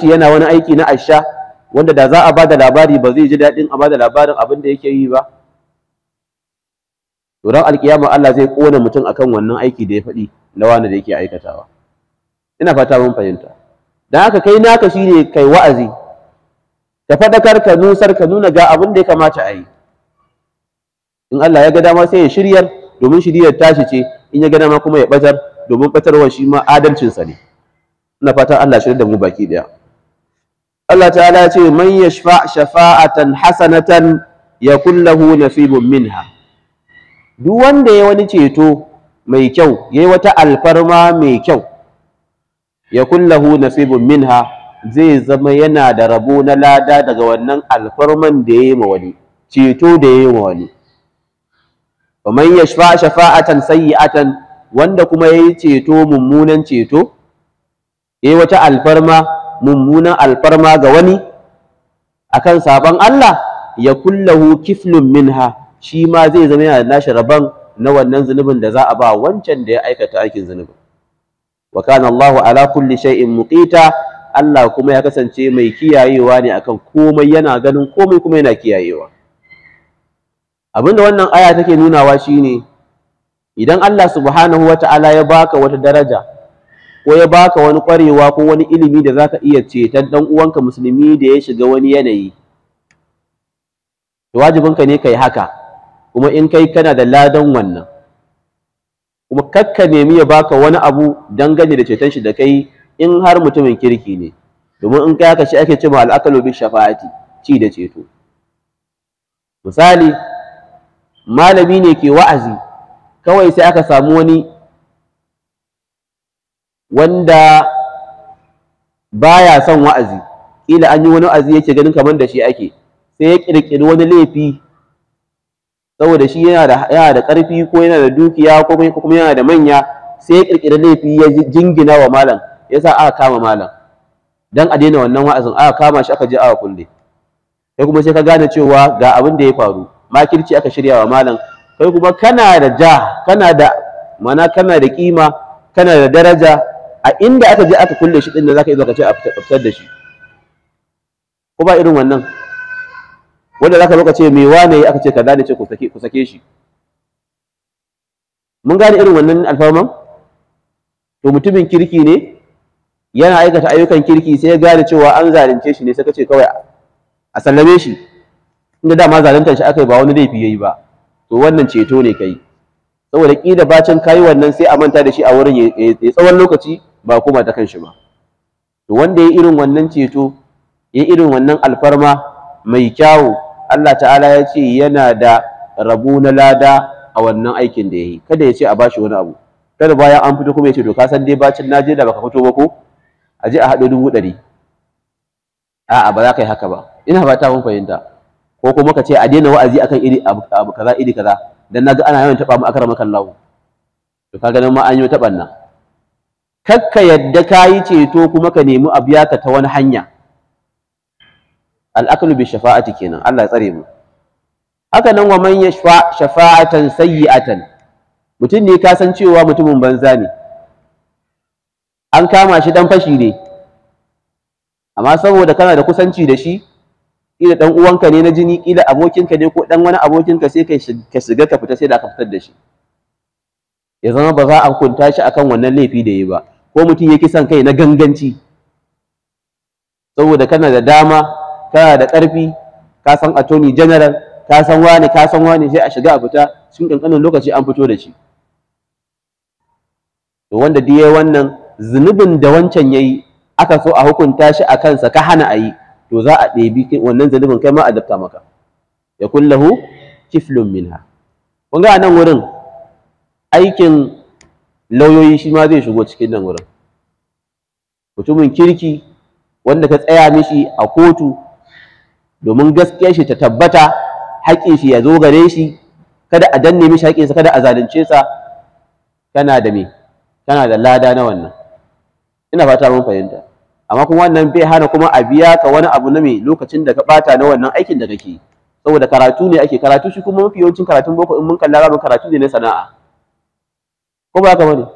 shi yana wani aiki na asha wanda da za a bada labari ba zai ji daɗin a bada labarin abin da yake yi ba to ran alkiyama Allah zai kona mutum akan wannan aiki da ya faɗi na da yake aikatawa ina fata mun fahimta dan haka kai naka shine kai wa'azi ka faɗakar ka nusar ka nuna ga abin da ya kamata a yi in Allah ya ga dama sai ya shiryar domin shiryar tashi ce in ya ga dama kuma ya ɓatar domin ɓatarwa shi ma adalcinsa ne ina fatan Allah shirya da mu baki ɗaya Allah ta'ala ce man yashfa shafa'atan hasanatan ya kullahu nasibun minha duk wanda ya wani ceto mai kyau yayi wata alfarma mai kyau ya kullahu nasibun minha zai zama yana da rabo na lada daga wannan alfarman da yayi ma wani ceto da yayi ma wani wa man yashfa shafa'atan sayyi'atan wanda kuma yayi ceto mummunan ceto yayi wata alfarma mummunan alfarma ga wani akan sabon Allah ya hu kiflun minha shi ma zai zama yana da nashi rabon na wannan zunubin da za a ba wancan da ya aikata aikin zunubin wa kana Allah ala kulli shay'in muƙita. Allah kuma ya kasance mai kiyayewa ne akan komai yana ganin komai kuma yana kiyayewa abinda wannan aya take nunawa shine idan Allah subhanahu wata'ala ya baka wata daraja ko ya baka wani ƙwarewa ko wani ilimi da zaka iya ceton dan uwanka musulmi da ya shiga wani yanayi to wajibinka ne kai haka kuma in kai kana da ladan wannan kuma kakka nemi ya baka wani abu gani da ceton shi da kai in har mutumin kirki ne domin in kai haka shi ake cewa al'akalu bi shafa'ati ci da ceto misali malami ne ke wa'azi kawai sai aka samu wani wanda baya son wa'azi ila an yi wani wa'azi yake ganin kamar da shi ake sai ya kirkiri wani laifi saboda shi yana da yana da ƙarfi ko yana da dukiya ko kuma yana da manya sai ya kirkiri laifi ya jingina wa malam yasa aka kama malam dan a daina wannan wa'azin aka kama shi aka je aka kulle kai kuma sai ka gane cewa ga abin da ya faru makirci aka shirya wa malam kai kuma kana da ja kana da mana kana da kima kana da daraja a inda aka je aka kulle shi din da zaka yi zaka ce a fitar da shi ko ba irin wannan wanda zaka zo ka ce me wane yi aka ce kaza ne ce ku sake ku sake shi mun gane irin wannan alfahman to mutumin kirki ne yana aikata ayyukan kirki sai ya gane cewa an zalunce shi ne sai ka ce kawai a sallame shi inda dama zaluntar shi aka yi ba wani laifi yayi ba to wannan ceto ne kai saboda kila bacin kayi wannan sai a manta da shi a wurin ya tsawon lokaci ba kuma ta kanshi ba to wanda ya irin wannan ceto ya irin wannan alfarma mai kyawu Allah ta'ala ya ce yana da rabu na lada a wannan aikin da ya yi kada ya ce a bashi wani abu kada bayan an fito kuma ya ce to ka san dai bacin na je da baka fito ba ko a je a haɗo dubu ɗari a'a ba za ka yi haka ba ina fata mun fahimta ko kuma ka ce a daina wa'azi akan iri abu kaza iri kaza dan naga ana yawan taba mu akramakan lahu to kaga nan ma an yi taban nan kakka yadda ka yi ceto kuma ka nemi a ya ka ta wani hanya al'akalu bi shafa'ati kenan Allah ya tsare mu haka nan wa man yashfa shafa'atan sayyi'atan mutum ne ka san cewa mutumin banza ne an kama shi dan fashi ne amma saboda kana da kusanci da shi ila dan uwanka ne na jini ila abokinka ne ko dan wani abokinka sai ka shiga ka fita sai da aka fitar da shi ya zama ba za a hukunta shi akan wannan laifi da yi ba ko mutum ya son kai na ganganci saboda kana da dama kana da ƙarfi ka san attorney general ka san wani ka san wani sai a shiga a fita cikin ƙanƙanin lokaci an fito da shi to wanda diye wannan zunubin da wancan yayi aka so a hukunta shi a kansa ka hana a yi to za a ɗebi wannan zunubin kai ma a dafta maka ya kullahu kiflun minha kun ga nan wurin aikin lauyoyi shi ma zai shigo cikin nan wurin mutumin kirki wanda ka tsaya mishi a kotu domin gaskiyar shi ta tabbata haƙƙin shi ya zo gare shi kada a danne mishi sa kada a zalunce sa kana da me kana da lada na wannan ina fata mun fahimta amma kuma wannan bai hana kuma a biya ka wani abu na me lokacin da ka bata na wannan aikin da kake saboda karatu ne ake karatu shi kuma mafi yawancin karatun boko in mun kalla za karatu ne na sana'a ko ba kamar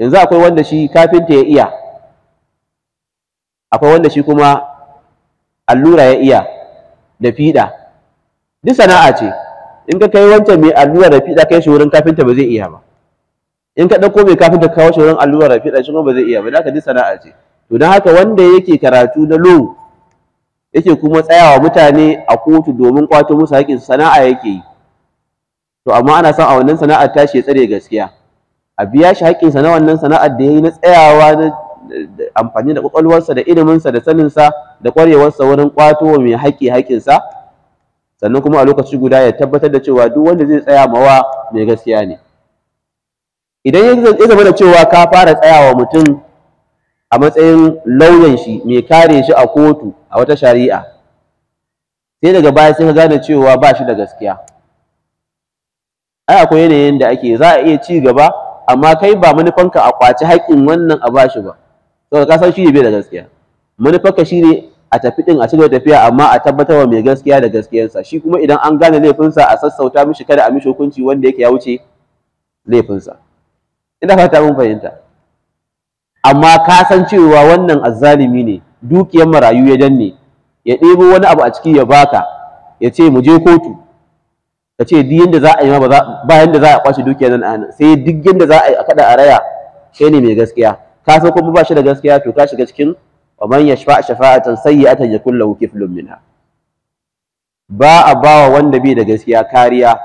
yanzu akwai wanda shi kafinta ya iya akwai wanda shi kuma allura ya iya da fiɗa duk sana'a ce in ka kai wancan mai allura da fiɗa kai shi wurin kafinta ba zai iya ba in ka ɗauko mai kafinta kawo shi wurin allura da fiɗa shi kuma ba zai iya ba da haka duk sana'a ce to don haka wanda yake karatu na low yake kuma tsayawa mutane a kotu domin kwato musu haƙƙin sana'a yake yi to amma ana son a wannan sana'ar tashi ya tsare gaskiya a biya shi haƙƙinsa na wannan sana'ar da ya yi na tsayawa na amfani da ƙwaƙwalwarsa da iliminsa da saninsa da ƙwarewarsa wurin ƙwato wa mai haƙƙi haƙƙinsa sannan kuma a lokaci guda ya tabbatar da cewa duk wanda zai tsaya mawa mai gaskiya ne idan ya zama da cewa ka fara tsayawa mutum a matsayin lauyan shi mai kare shi a kotu a wata shari'a sai daga baya sai ka gane cewa ba shi da gaskiya ai akwai yanayin da ake za a iya ci gaba amma kai ba manufanka a kwaci haƙƙin wannan a bashi ba to ka san shi bai da gaskiya Manufanka shi ne a tafi din a ci tafiya amma a tabbatar wa mai gaskiya da gaskiyarsa shi kuma idan an gane laifinsa a sassauta mishi kada a mishi hukunci wanda yake ya wuce laifinsa ina fata mun fahimta amma ka san cewa wannan azzalimi ne dukiyar marayu ya danne ya ɗebo wani abu a ciki ya baka ya ce mu je kotu ka ce duk yadda za a yi ma ba yadda za a kwashe dukiya nan a hannun sai duk yanda za a yi a kada a raya kai ne mai gaskiya ka san kuma ba shi da gaskiya to ka shiga cikin wa man yashfa shafa'atan sayyi'atan yakul lahu kiflun minha ba a ba wa wanda bai da gaskiya kariya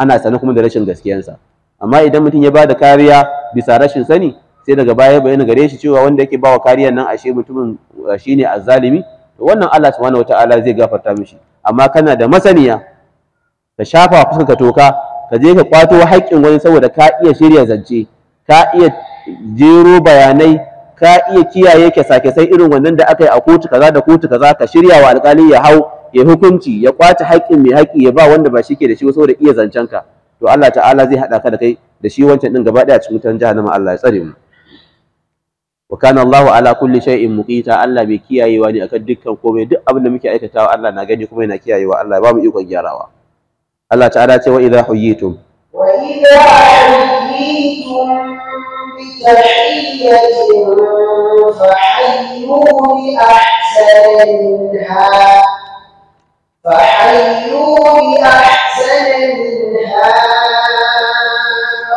ana sane kuma da rashin gaskiyansa amma idan mutum ya ba da kariya bisa rashin sani sai daga baya bayyana gare shi cewa wanda yake bawa kariya nan ashe mutumin ne azzalimi to wannan Allah subhanahu wataala zai gafarta mishi amma kana da masaniya ka shafa fuskar ka toka ka je ka kwato haƙƙin wani saboda ka iya shirya zance ka iya jero bayanai ka iya kiyaye sake kyasai irin wannan da aka yi a kotu kaza da kotu kaza ka shirya wa alƙali ya hau ya hukunci ya kwace haƙƙin mai haƙƙi ya ba wanda ba shi ke da shi saboda iya zancen ka to Allah ta'ala zai haɗa ka da kai da shi wancan ɗin gaba ɗaya cikin wutan jahannama Allah ya tsare mu wa kana Allahu ala kulli shay'in muqita Allah bai kiyayewa ne akan dukkan komai duk abin da muke aikatawa Allah na gani kuma yana kiyayewa Allah ya ba ikon gyarawa الله تعالى تقول وإذا حييتم وإذا حييتم بتحية فحيوا بأحسن منها فحيوا بأحسن منها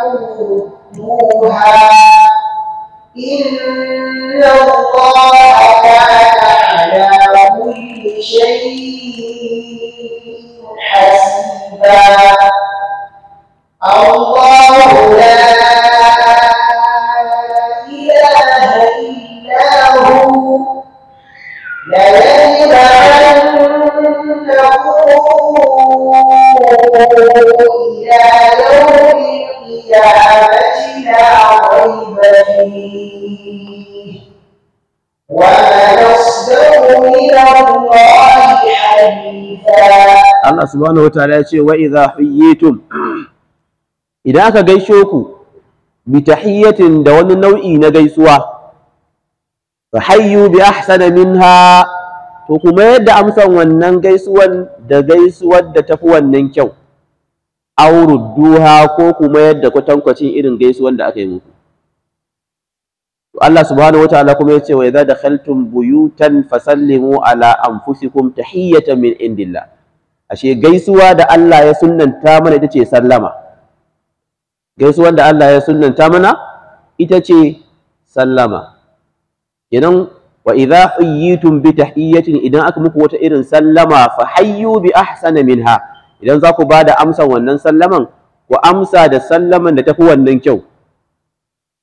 أردوها إن الله كان على كل شيء da aula subhanahu wataala ya ce wa idza tun. idan aka gaishe ku bi tahiyyatin da wani nau'i na gaisuwa fa hayyu bi ahsana minha to kuma yadda amsan wannan gaisuwan da gaisuwar da tafi wannan kyau auruduha ko kuma yadda kwatankwacin irin gaisuwan da aka yi muku Allah subhanahu wa ta'ala kuma ya ce wa idza dakhaltum buyutan fasallimu ala anfusikum tahiyatan min indillah ashe gaisuwa da Allah ya sunnanta mana ita ce sallama gaisuwar da Allah ya sunnanta mana ita ce sallama kenan wa idha hayyitum bi tahiyyatin idan aka muku wata irin sallama fa hayyu bi ahsana minha idan za ku ba da amsan wannan sallaman ku amsa da sallaman da tafi wannan kyau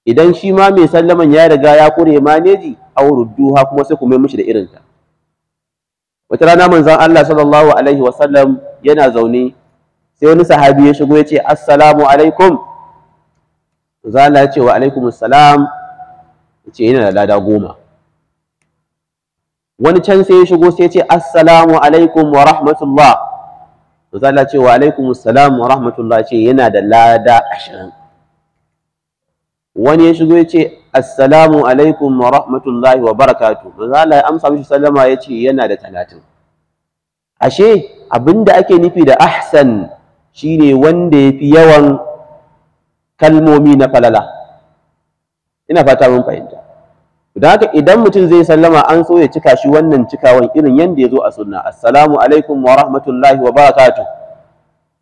idan shi ma mai sallaman ya riga ya kure maneji aurudduha kuma sai ku mai mishi da irinta wata rana manzon Allah sallallahu alaihi wasallam yana zaune sai wani sahabi ya shigo ya ce assalamu alaikum manzon Allah ya ce wa alaikum assalam ya ce yana da lada goma wani can sai ya shigo sai ya ce assalamu alaikum wa rahmatullah manzon Allah ya ce wa alaikum assalam wa rahmatullah ya ce yana da lada ashirin wani ya shigo ya ce assalamu alaikum wa rahmatullahi wa barakatu manzo Allah ya amsa mishi sallama yace yana da talatin ashe abinda ake nufi da ahsan shine wanda yafi yawan kalmomi na falala ina fata mun fahimta don haka idan mutum zai sallama an so ya cika shi wannan cikawan irin yanda ya zo a sunna assalamu alaikum wa rahmatullahi wa barakatu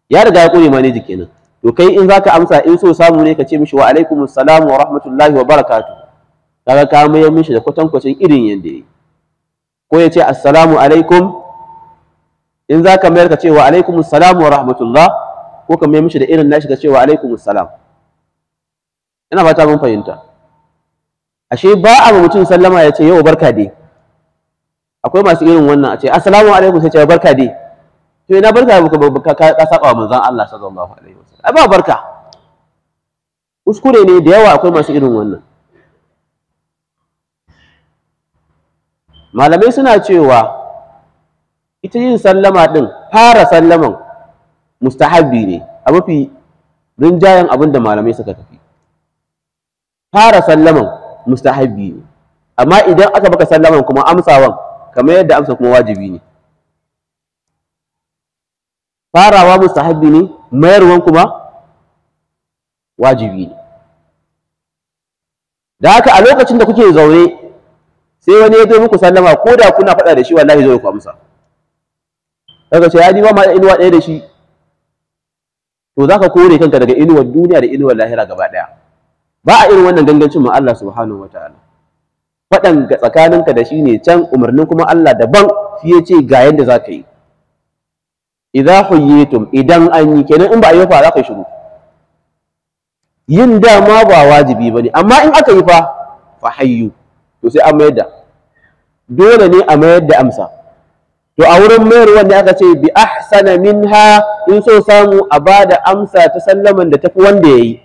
ya riga ya kure ma jikinin to kai in zaka amsa in so samu ne ka ce mishi wa alaikumus salam wa rahmatullahi wa barakatuh kaga ka mayar mishi da kwatankwacin irin yanda yayi ko ya ce assalamu alaikum in zaka mayar ka ce wa alaikumus salam wa rahmatullah ko ka mayar mishi da irin nashi ka ce wa alaikumus salam ina fata mun fahimta ashe ba a mutum sallama ya ce yau barka dai akwai masu irin wannan a ce assalamu alaikum sai ce barka dai to ina barka ka ka ka saba manzon Allah sallallahu alaihi wasallam ai ba barka uskure ne da yawa akwai masu irin wannan malamai suna cewa ita yin sallama din fara sallaman mustahabbi ne a mafi rinjayen abin da malamai suka tafi fara sallaman mustahabbi ne amma idan aka baka sallaman kuma amsawan kamar yadda amsa kuma wajibi ne farawa mustahabbi ne mayarwan kuma wajibi ne da haka a lokacin da kuke zaune sai wani ya zo muku sallama ko da kuna faɗa da shi wallahi zai ku amsa daga ce ya ni ba ma inuwa ɗaya da shi to zaka kore kanka daga inuwar duniya da inuwar lahira gaba ɗaya ba a irin wannan gangancin mu Allah subhanahu wataala faɗan ga tsakaninka da shi ne can umarnin kuma Allah daban fiye ce ga yadda za ka yi idza huyitum idan an yi kenan in ba a yi fa za ka shiru yin dama ba wajibi bane amma in aka yi fa fa hayyu to sai an mayar da dole ne a mayar da amsa to a wurin mayar ne aka ce bi ahsana minha in so samu a bada amsa ta sallaman da tafi wanda yayi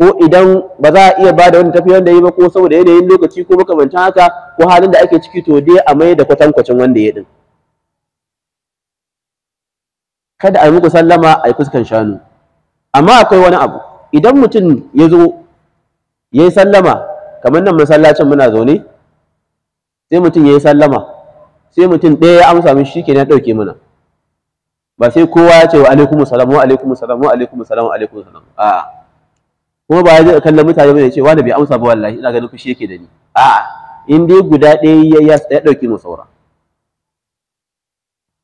ko idan ba za a iya bada wanda tafi wanda yayi ba ko saboda yanayin lokaci ko makamantan haka ko halin da ake ciki to dai a mayar da kwatankwacin wanda ya din kada a yi muku sallama a yi fuskan shanu amma akwai wani abu idan mutum ya zo ya yi sallama kamar nan masallacin muna zaune sai mutum ya yi sallama sai mutum ɗaya ya amsa min shi ke ya ɗauke mana ba sai kowa ya ce wa alaikum salam wa alaikum salam wa alaikum salam wa alaikum salam a'a kuma ba ya kalla mutane ya ce wani bai amsa ba wallahi ina ganin fushi yake da ni a'a in dai guda ɗaya ya ɗauke mu saura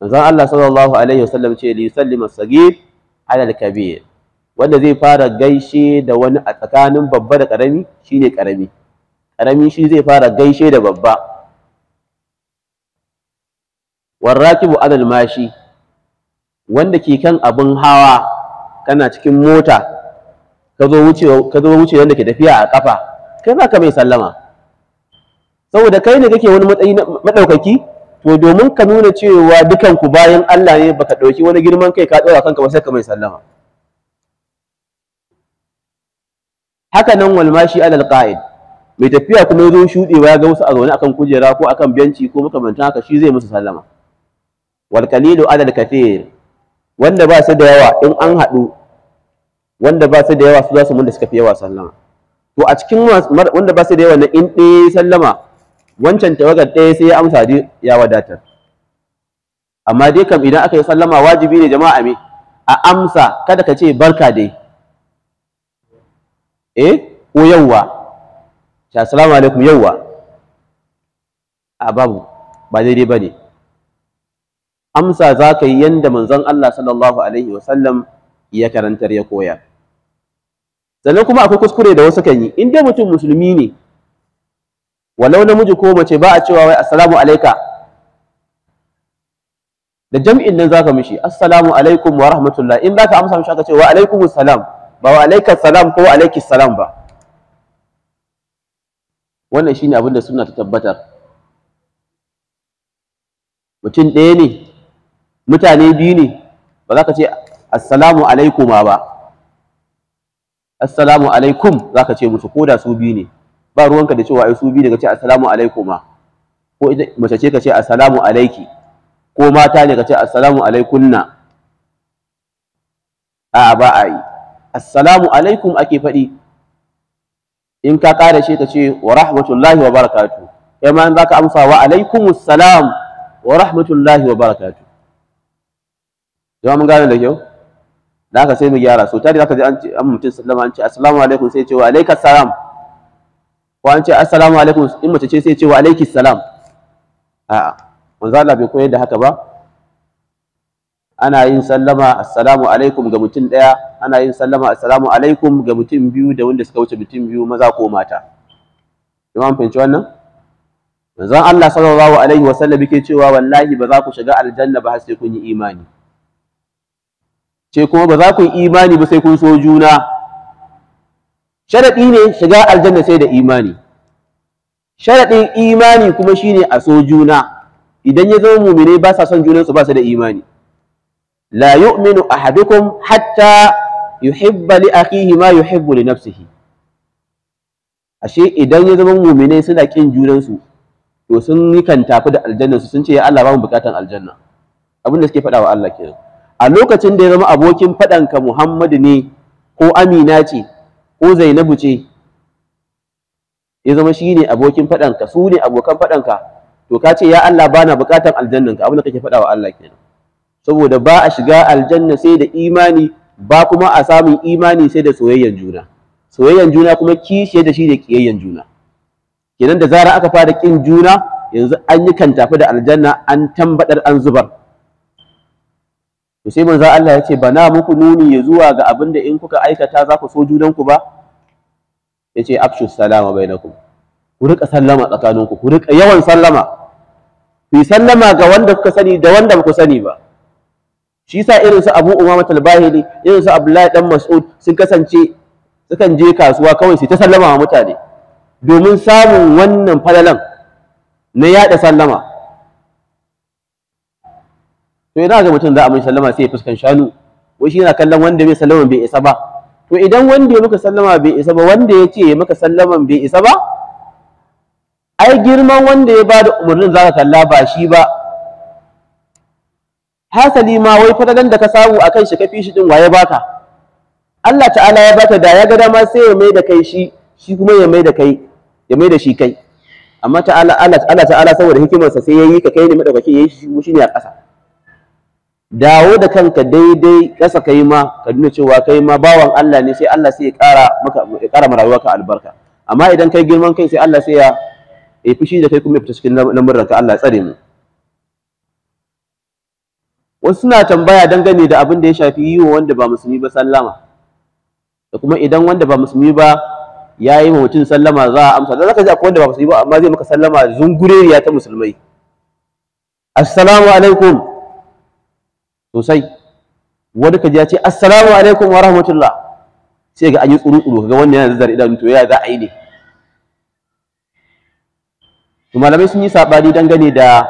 manzon Allah sallallahu alaihi wasallam ce li yusallima as-saghir ala al-kabir wanda zai fara gaishe da wani a tsakanin babba da karami shine karami karami shi zai fara gaishe da babba warrakibu ala al-mashi wanda ke kan abin hawa kana cikin mota ka zo wucewa ka zo ke tafiya a kafa kai ba ka mai sallama saboda kai ne kake wani matsayi madaukaki to domin ka nuna cewa dukan ku bayan Allah ne baka dauki wani girman kai ka dora kanka ba sai ka mai sallama haka nan walmashi alal qa'id mai tafiya kuma yazo shudewa ga wasu a zaune akan kujera ko akan benci ko makamantan haka shi zai musu sallama wal qalilu alal kathir wanda ba su da yawa in an haɗu wanda ba su da yawa su za su mun da suka fi yawa sallama to a cikin wanda ba su da yawa na in ɗaya sallama wancan tawagar ɗaya sai ya amsa dai ya wadatar amma dai kam idan aka yi sallama wajibi ne jama'a me a amsa kada ka ce barka dai eh ko yawwa sha assalamu alaikum yawwa a babu ba daidai ba ne amsa za ka yi yadda manzon Allah sallallahu alaihi wasallam ya karantar ya koya sannan kuma akwai kuskure da wasu kan yi in dai mutum musulmi ne walau namiji ko mace ba a cewa wai assalamu alaika da jam'in nan zaka mishi assalamu alaikum wa rahmatullah in zaka amsa mishi aka ce wa alaikumus salam ba wa alaikas salam ko wa alaikis salam ba wannan shine abin da sunna ta tabbatar mutum ɗaya ne mutane biyu ne ba za ka ce assalamu alaikuma ba assalamu alaikum za ka ce musu ko da su biyu ne ba ruwanka da cewa ai su bi daga ce assalamu alaikum ma ko mace ce ka ce assalamu alaiki ko mata ne ka ce assalamu alaikunna a ba a yi assalamu alaikum ake faɗi in ka ƙara ce ka ce wa rahmatullahi wa barakatu kai ma in za ka amsa wa alaikumus salam wa rahmatullahi wa barakatu yawa mun gane da kyau da haka sai mu gyara so tare za ka ji an mutum sallama an ce assalamu alaikum sai ce wa alaikas salam kwan ce assalamu alaikum in mace ce sai ce wa alaiki salam a'a manzo Allah bai koyar da haka ba ana yin sallama assalamu alaikum ga mutum daya ana yin sallama assalamu alaikum ga mutum biyu da wanda suka wuce mutum biyu maza ko mata imam fahimci wannan manzon Allah sallallahu alaihi wa sallam yake cewa wallahi ba za ku shiga aljanna ba har sai kun yi imani ce kuma ba za ku yi imani ba sai kun so juna sharaɗi ne shiga aljanna sai da imani sharaɗin imani kuma shine a so juna idan ya zama mumine ba sa son junansu ba su da imani la yu'minu ahadukum hatta yuhibba li akhihi ma yuhibbu li nafsihi ashe idan ya zama mumine suna kin junansu to sun yi kan tafi da aljanna su, sun ce ya Allah ba mu bukatan aljanna abin suke faɗa wa Allah kenan a lokacin da ya zama abokin faɗanka Muhammadu ne ko Amina ce ko zainabu ce ya zama shi ne abokin faɗanka su ne abokan faɗanka to ka ce ya Allah ba na buƙatar aljannanka abin da kake faɗa wa Allah kenan saboda ba a shiga aljanna sai da imani ba kuma a samun imani sai da soyayyan juna soyayyan juna kuma kishiye da shi da kiyayyan juna kenan da zara aka fara kin juna yanzu an yi kantafi da aljanna an tambadar an zubar sai manzo Allah ya ce bana muku nuni ya zuwa ga abin da in kuka aikata za ku so junanku ba ya ce afshu salama bainakum ku rika sallama tsakaninku ku yawan sallama ku sallama ga wanda kuka sani da wanda ba ku sani ba shi yasa irin su Abu Umama Talbahili irin su Abdullahi dan Mas'ud sun kasance sukan je kasuwa kawai su ta sallama wa mutane domin samun wannan falalan na yada sallama to idan ga mutum za a mai sallama sai ya fuskan shanu wai shi yana kallon wanda bai sallama bai isa ba to idan wanda ya maka sallama bai isa ba wanda ya ce ya maka sallama bai isa ba ai girman wanda ya bada umarnin zaka kalla ba shi ba hasali ma wai fadalan da ka samu akan shi kafi shi din waye baka Allah ta'ala ya baka da ya ga dama sai ya mai da kai shi shi kuma ya mai da kai ya mai da shi kai amma ta'ala Allah ta'ala saboda hikimarsa sai yayi ka kai ne madaukaki yayi shi shi ne a ƙasa dawo da kanka daidai ƙasa kai ma ka nuna cewa kai ma bawan Allah ne sai Allah sai ya ƙara maka ya ƙara ma rayuwarka albarka amma idan kai girman kai sai Allah sai ya yi fushi da kai kuma ya fita cikin lamuranka Allah tsare mu wasu suna tambaya dangane da abin da ya shafi yi wa wanda ba musulmi ba sallama da kuma idan wanda ba musulmi ba ya yi mutum sallama za a amsa da zaka ji akwai wanda ba musulmi ba amma zai maka sallama zungureriya ta musulmai assalamu alaikum sosai wani ka ya ce assalamu alaikum wa rahmatullah sai ga an yi tsuru-tsuru ga wannan yana zazzar idanu to ya za a yi ne malamai sun yi saɓani dangane da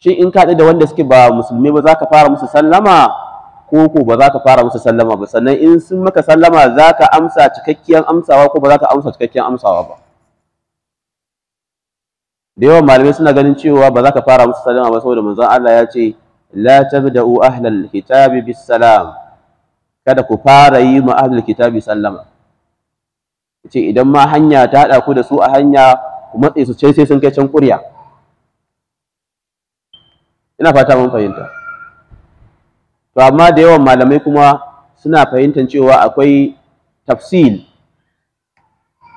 shi in kaɗe da wanda suke ba musulmi ba za ka fara musu sallama ko ko ba za ka fara musu sallama ba sannan in sun maka sallama za ka amsa cikakkiyar amsawa ko ba za ka amsa cikakkiyar amsawa ba da yawan malamai suna ganin cewa ba za ka fara musu sallama ba saboda manzon Allah ya ce la tabda'u ahlal kitabi bis salam kada ku fara yi ma ahlul kitabi sallama ce idan ma hanya ta haɗa ku da su a hanya ku matse su sai sun kai can kurya. ina fata mun fahimta to amma da yawan malamai kuma suna fahimtar cewa akwai tafsil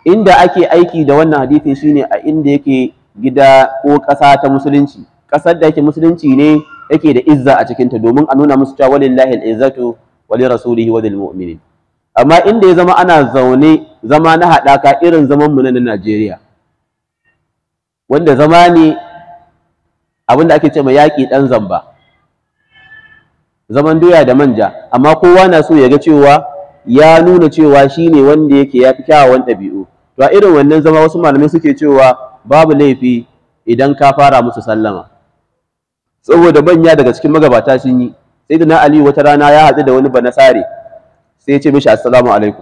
inda ake aiki da wannan hadisi shine a inda yake gida ko ƙasa ta musulunci ƙasar da yake musulunci ne yake da izza a cikinta domin a nuna musu cewa walillahi al'izzatu wa li rasulihi wa lil mu'minin amma inda ya zama ana zaune zama na haɗaka irin zaman mu na Najeriya wanda zama ne abin da ake ce ma yaƙi ɗan zamba zaman doya da manja amma kowa na so ya ga cewa ya nuna cewa shi ne wanda yake ya fi kyawawan ɗabi'u to a irin wannan zama wasu malamai suke cewa babu laifi idan ka fara musu sallama saboda manya daga cikin magabata sun yi sai da na ali wata rana ya haɗu da wani banasare sai ya ce mishi assalamu alaikum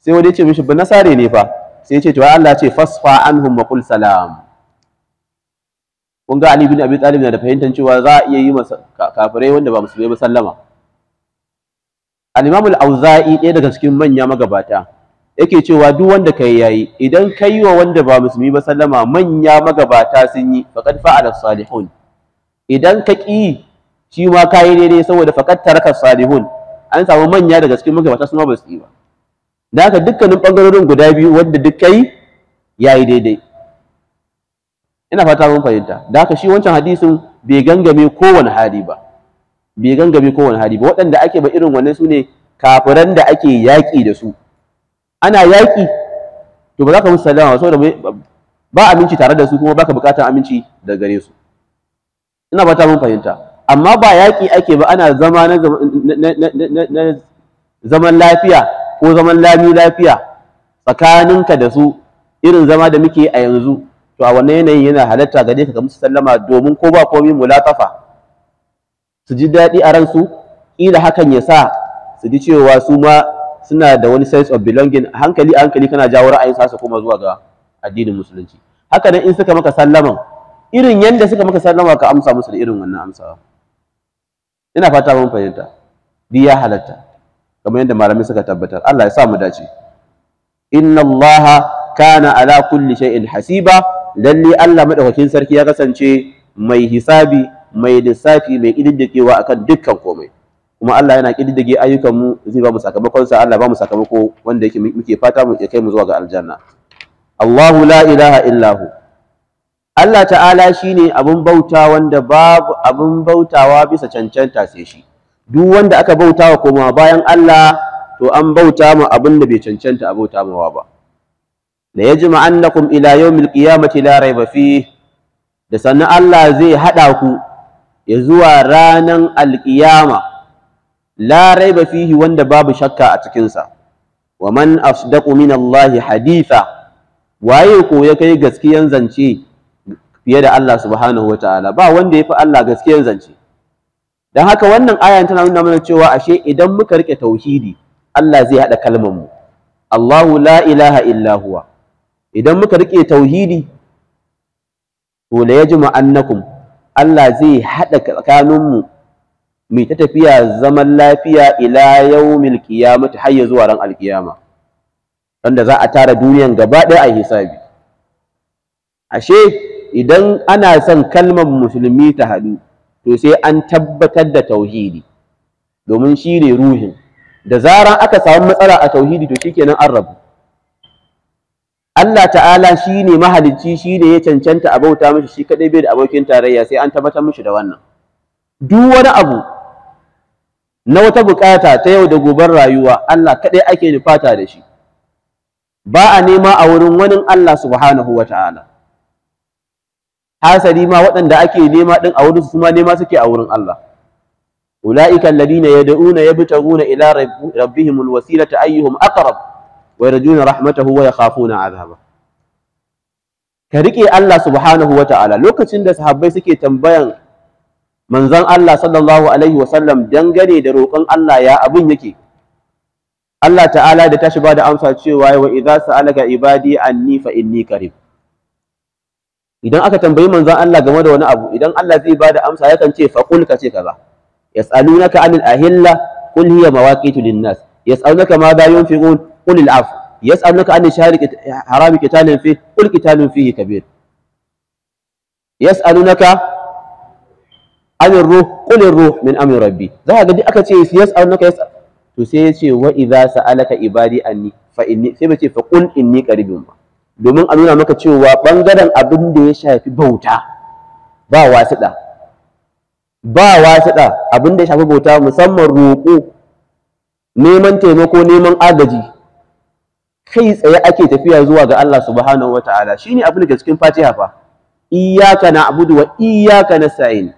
sai wani ya ce mishi banasare ne fa sai ya ce to Allah ce fasfa anhum wa qul salam kun ga Ali bin Abi Talib na da fahimtar cewa za a iya yi masa kafirai wanda ba musulmai ba sallama al-Imam al-Auza'i ɗaya daga cikin manya magabata yake cewa duk wanda kai yayi idan kai wa wanda ba musulmi ba sallama manya magabata sun yi faqad fa'ala salihun idan ka ƙi shi ma ka yi daidai saboda faƙat tarakar salihun an samu manya daga cikin magabata su ma ba su yi ba da haka dukkanin ɓangarorin guda biyu wanda duk yi ya yi daidai ina fata mun fahimta da haka shi wancan hadisin bai gangame kowane hali ba bai gangame kowane hali ba waɗanda ake ba irin wannan su ne kafiran da ake yaƙi da su ana yaƙi to ba za ka musu sallama saboda ba aminci tare da su kuma ba ka buƙatar aminci da gare su ina ba ta mun fahimta amma ba yaƙi ake ba ana zama na zaman lafiya ko zaman lami lafiya tsakaninka da su irin zama da muke a yanzu to a wannan yanayin yana halatta gare ka ga musu sallama domin ko ba komai mulatafa su ji daɗi a ransu ƙila hakan ya sa su ji cewa su ma suna da wani sense of belonging hankali hankali kana jawo ra'ayin sa su kuma zuwa ga addinin musulunci haka nan in suka maka sallaman irin yadda suka maka sallama ka amsa musu da irin wannan amsa ina fata mun fahimta duk ya halatta kamar yadda malamai suka tabbatar Allah ya sa mu dace inna Allah kana ala kulli shay'in hasiba lalle Allah madaukakin sarki ya kasance mai hisabi mai lissafi mai kididdigewa akan dukkan komai kuma Allah yana kididdige ayyukan mu zai ba mu sakamakon sa Allah ba mu sakamako wanda yake muke fata mu ya kai mu zuwa ga aljanna Allahu la ilaha illahu Allah ta'ala shine abin bauta wanda babu abin bautawa bisa cancanta sai shi duk wanda aka bautawa koma bayan Allah to an bauta mu abin da bai cancanta a bauta mawa ba la yajma'annakum ila yawmil qiyamati la rayba fi da sannan Allah zai hada ku ya zuwa ranan alqiyama la rayba fihi wanda babu shakka a cikin sa wa man asdaqu min Allah haditha waye ko ya kai gaskiyan zance fiye da Allah subhanahu wataala ba wanda yafi Allah gaskiyan zance dan haka wannan ayan tana nuna mana cewa ashe idan muka rike tauhidi Allah zai hada kalmar mu Allahu la ilaha illa huwa idan muka rike tauhidi to la yajma annakum Allah zai hada tsakanin mu mai ta tafiya zaman lafiya ila yaumil qiyamati har zuwa ran alkiyama wanda za a tara duniyan gaba ɗaya a hisabi ashe idan ana son kalmar musulmi ta haɗu to sai an tabbatar da tauhidi domin shi ne ruhin da zaran aka samu matsala a tauhidi to shikenan an rabu Allah ta'ala shi ne mahalicci shi ne ya cancanta a bauta mishi shi kaɗai bai da abokin tarayya sai an tabbatar mishi da wannan duk wani abu na wata bukata ta yau da goben rayuwa Allah kaɗai ake nufata da shi ba a nema a wurin wani Allah subhanahu wa ta'ala hasali ma waɗanda ake nema din a wurin su ma nema suke a wurin Allah ulaika alladhina yad'una yabtaguna ila rabbihim alwasilata ayyuhum aqrab wa yarjuna rahmatahu wa yakhafuna adhaba ka rike Allah subhanahu wa ta'ala lokacin da sahabbai suke tambayan manzon Allah sallallahu alaihi wa sallam dangane da roƙon Allah ya abin yake Allah ta'ala da tashi ba da amsa cewa wa idza sa'alaka ibadi anni fa inni qarib idan aka tambayi manzon Allah game da wani abu idan Allah zai bada amsa yakan ce faqul ka ce kaza yas'alunaka anil ahilla qul hiya mawaqitu linnas yas'alunaka ma da yunfiqun qul al'af yas'alunaka anil shahri haram qitalin fi qul qitalun fihi kabir yas'alunaka anil ruh qul ruh min amri rabbi za ka ga aka ce yas'alunaka to sai ya ce wa idza sa'alaka ibadi anni fa inni sai ba ce fa qul inni qaribun ba domin a nuna maka cewa ɓangaren abin da ya shafi bauta ba wasiɗa ba wasiɗa abin da ya shafi bauta musamman roƙo neman taimako neman agaji kai tsaye ake tafiya zuwa ga Allah subhanahu Shi ne abin da cikin Fatiha fa iyyaka na'budu wa na, sa'in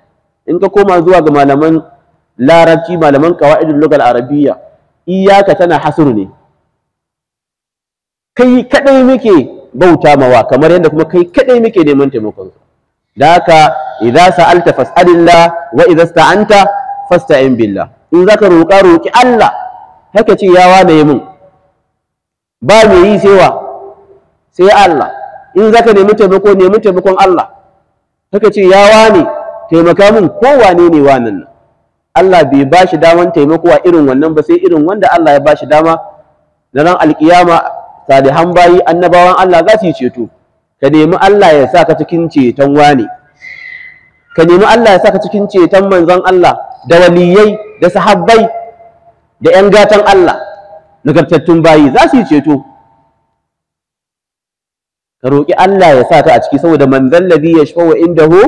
in ka koma zuwa ga malaman larabci malaman qawaidul lugal Arabiya, iyaka tana hasr ne kai kaɗai muke bauta mawa kamar yadda kuma kai kadai muke neman taimakon ka da haka idza sa'alta fas'alillah wa idza sta'anta fasta'in billah in zaka roƙa roƙi Allah haka ce ya wane mun ba me yi sewa sai Allah in zaka nemi taimako nemi taimakon Allah haka ce ya wane taimaka min ko wane ne wannan nan Allah bai ba shi daman taimako a irin wannan ba sai irin wanda Allah ya ba shi dama na ran alkiyama salihan bayi annabawan Allah za su yi ceto ka nemi Allah ya saka cikin ceton wane ka nemi Allah ya saka cikin ceton manzon Allah da waliyai da sahabbai da ƴan gatan Allah nagartattun bayi za su yi ceto ka roƙi Allah ya saka a ciki saboda man zallabi yashfa'u indahu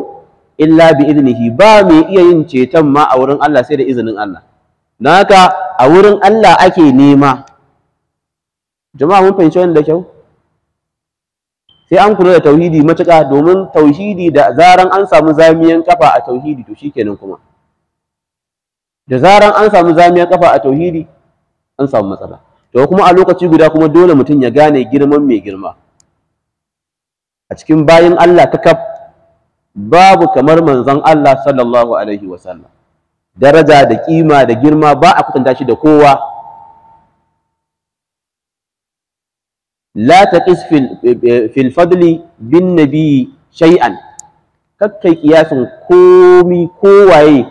illa bi idnihi ba mai iya yin ceton ma a wurin Allah sai da izinin Allah don haka a wurin Allah ake nema jama'a mun fahimci wannan da kyau sai an kula da tauhidi matuƙa domin tauhidi da zaran an samu zamiyan kafa a tauhidi to shikenan kuma da zaran an samu zamiyan kafa a tauhidi an samu matsala to kuma a lokaci guda kuma dole mutum ya gane girman mai girma a cikin bayin Allah kaf, babu kamar manzon Allah sallallahu alaihi wasallam daraja da kima da girma ba a kwatanta shi da kowa la taqis fil fadli bin nabi shay'an kakkai kiyasin komi kowaye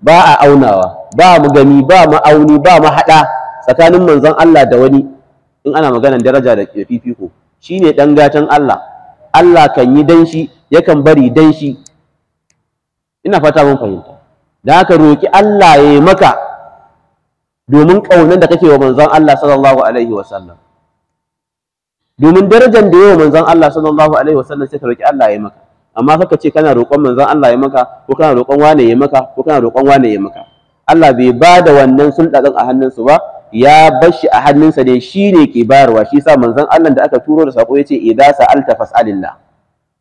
ba a aunawa ba mu gani ba mu auni ba mu hada tsakanin manzon Allah da wani in ana maganar daraja da fifiko shine dan gatan Allah Allah kan yi danshi yakan bari danshi ina fata mun fahimta da haka roki Allah ya maka domin kaunan da kake wa manzon Allah sallallahu alaihi wasallam domin darajar da yawa manzon Allah sallallahu alaihi wasallam sai ka roki Allah ya maka amma kaka ce kana roƙon manzon Allah ya maka ko kana roƙon wane ya maka ko kana roƙon wane ya maka Allah bai ba da wannan sulɗaɗin a hannunsu ba ya bar shi a hannunsa ne shi ne ke bayarwa shi sa manzon Allah da aka turo da sako ya ce idan sa'alta fas'alillah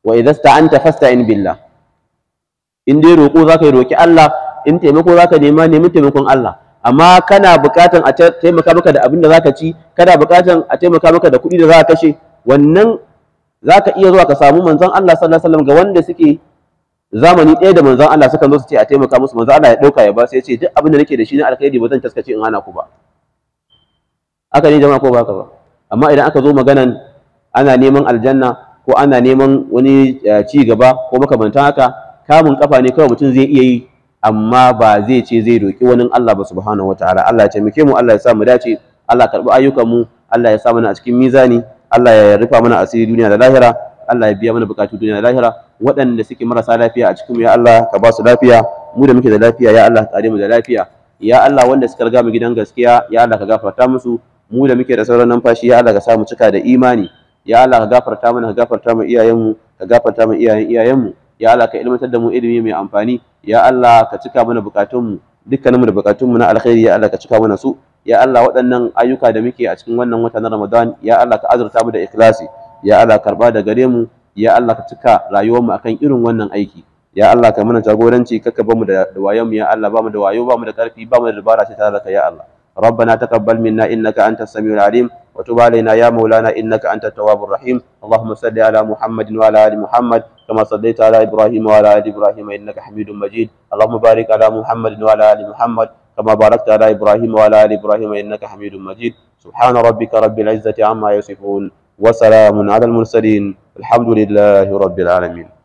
wa idan sta'anta fasta'in billah in dai roƙo zaka yi roki Allah in taimako zaka nema nemi taimakon Allah amma kana buƙatan a taimaka maka da abin da zaka ci kana buƙatan a taimaka maka da kuɗi da zaka kashe wannan zaka iya zuwa ka samu manzon Allah sallallahu alaihi wasallam ga wanda suke zamani ɗaya da manzon Allah suka zo su ce a taimaka musu manzon Allah ya ɗauka ya ba sai ya ce duk abin da nake da shi na alkhairi ba zan taskace in hana ku ba aka ne jama'a ko ba ka ba amma idan aka zo maganan ana neman aljanna ko ana neman wani eh, ci gaba ko makamantan haka kamun kafa ne kawai mutum zai iya yi amma ba zai ce zai roƙi wani Allah ba subhanahu wataala Allah ya taimake mu Allah ya sa mu dace Allah karbi ayyukan mu Allah ya sa mana a cikin mizani Allah ya rufa mana asiri duniya da lahira Allah ya biya mana bukatu duniya da lahira waɗanda suke marasa lafiya a cikin mu ya Allah ka ba su lafiya mu da muke da lafiya ya Allah ka mu da lafiya ya Allah wanda suka riga mu gidan gaskiya ya Allah ka gafarta musu mu da muke da sauran numfashi ya Allah ka sa mu cika da imani ya Allah ka gafarta mana ka gafarta mu iyayenmu ka gafarta mu iyayen mu ya Allah ka ilmantar da mu ilimi mai amfani ya Allah ka cika mana bukatunmu dukkaninmu da bukatunmu na alkhairi ya Allah ka cika mana su ya Allah waɗannan ayyuka da muke a cikin wannan wata na Ramadan ya Allah ka azurta mu da ikhlasi ya Allah karba da gare mu ya Allah ka cika rayuwarmu akan irin wannan aiki ya Allah ka mana jagoranci kaka bamu da wayon ya Allah bamu da wayo bamu da karfi bamu da dabara sai tare da ya Allah ربنا تقبل منا انك انت السميع العليم وتب علينا يا مولانا إنك أنت التواب الرحيم اللهم صل على محمد وعلى آل محمد كما صليت على إبراهيم وعلى آل إبراهيم إنك حميد مجيد اللهم بارك على محمد وعلى آل محمد كما باركت على إبراهيم وعلى آل إبراهيم إنك حميد مجيد سبحان ربك رب العزة عما يصفون وسلام على المرسلين الحمد لله رب العالمين